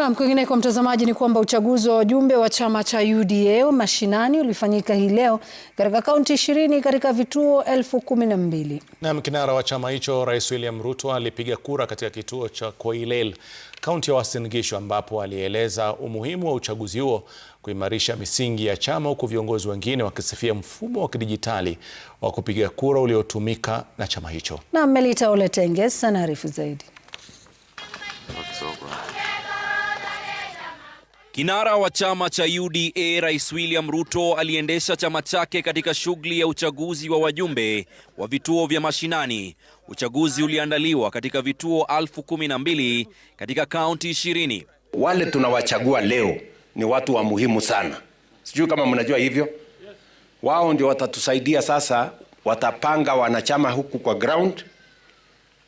Naam, kwa mtazamaji, ni kwamba uchaguzi wa wajumbe wa chama cha UDA mashinani ulifanyika hii leo katika kaunti 20 katika vituo elfu kumi na mbili. Naam, kinara wa chama hicho Rais William Ruto alipiga kura katika kituo cha Koilel, kaunti ya Uasin Gishu, ambapo alieleza umuhimu wa uchaguzi huo kuimarisha misingi ya chama, huku viongozi wengine wakisifia mfumo wa kidijitali wa kupiga kura uliotumika na chama hicho. Naam, Melita Ole Tenges anaarifu zaidi. Kinara wa chama cha UDA Rais William Ruto aliendesha chama chake katika shughuli ya uchaguzi wa wajumbe wa vituo vya mashinani. Uchaguzi uliandaliwa katika vituo elfu kumi na mbili katika kaunti ishirini. Wale tunawachagua leo ni watu wa muhimu sana, sijui kama mnajua hivyo. Wao ndio watatusaidia sasa, watapanga wanachama huku kwa ground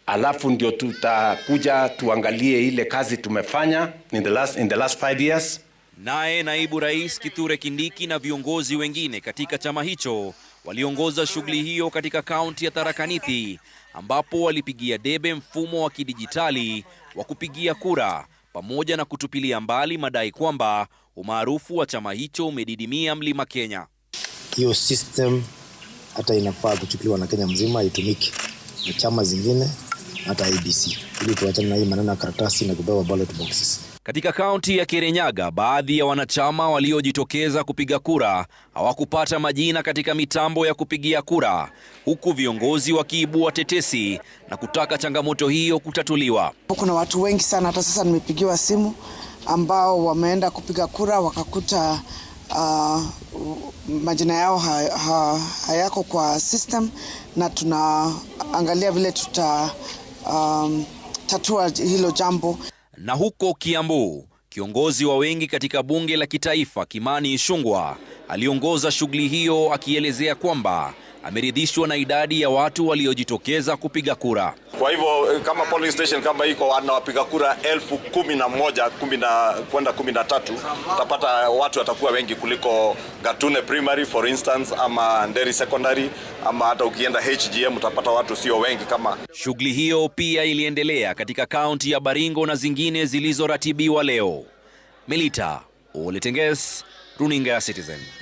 alafu ndio tutakuja tuangalie ile kazi tumefanya in the last, in the last five years. Naye naibu rais Kithure Kindiki na viongozi wengine katika chama hicho waliongoza shughuli hiyo katika kaunti ya Tharaka Nithi ambapo walipigia debe mfumo wa kidijitali wa kupigia kura pamoja na kutupilia mbali madai kwamba umaarufu wa chama hicho umedidimia Mlima Kenya. Hiyo system hata inafaa kuchukuliwa na Kenya mzima, itumike na chama zingine hata IBC ili tuachane na hii maneno ya karatasi na kubeba ballot boxes. Katika kaunti ya Kirinyaga, baadhi ya wanachama waliojitokeza kupiga kura hawakupata majina katika mitambo ya kupigia kura, huku viongozi wakiibua tetesi na kutaka changamoto hiyo kutatuliwa. Kuna watu wengi sana, hata sasa nimepigiwa simu, ambao wameenda kupiga kura wakakuta uh, majina yao ha, ha, hayako kwa system, na tunaangalia vile tuta um, tatua hilo jambo. Na huko Kiambu, kiongozi wa wengi katika bunge la kitaifa Kimani Ichung'wah aliongoza shughuli hiyo akielezea kwamba ameridhishwa na idadi ya watu waliojitokeza kupiga kura. Kwa hivyo eh, kama polling station kama iko ana wapiga kura elfu kumi na moja kwenda kumi na tatu utapata watu watakuwa wengi kuliko Gatune primary for instance, ama Nderi secondary, ama hata ukienda HGM utapata watu sio wengi kama. Shughuli hiyo pia iliendelea katika kaunti ya Baringo na zingine zilizoratibiwa leo. Milita Oletenges, runinga ya Citizen.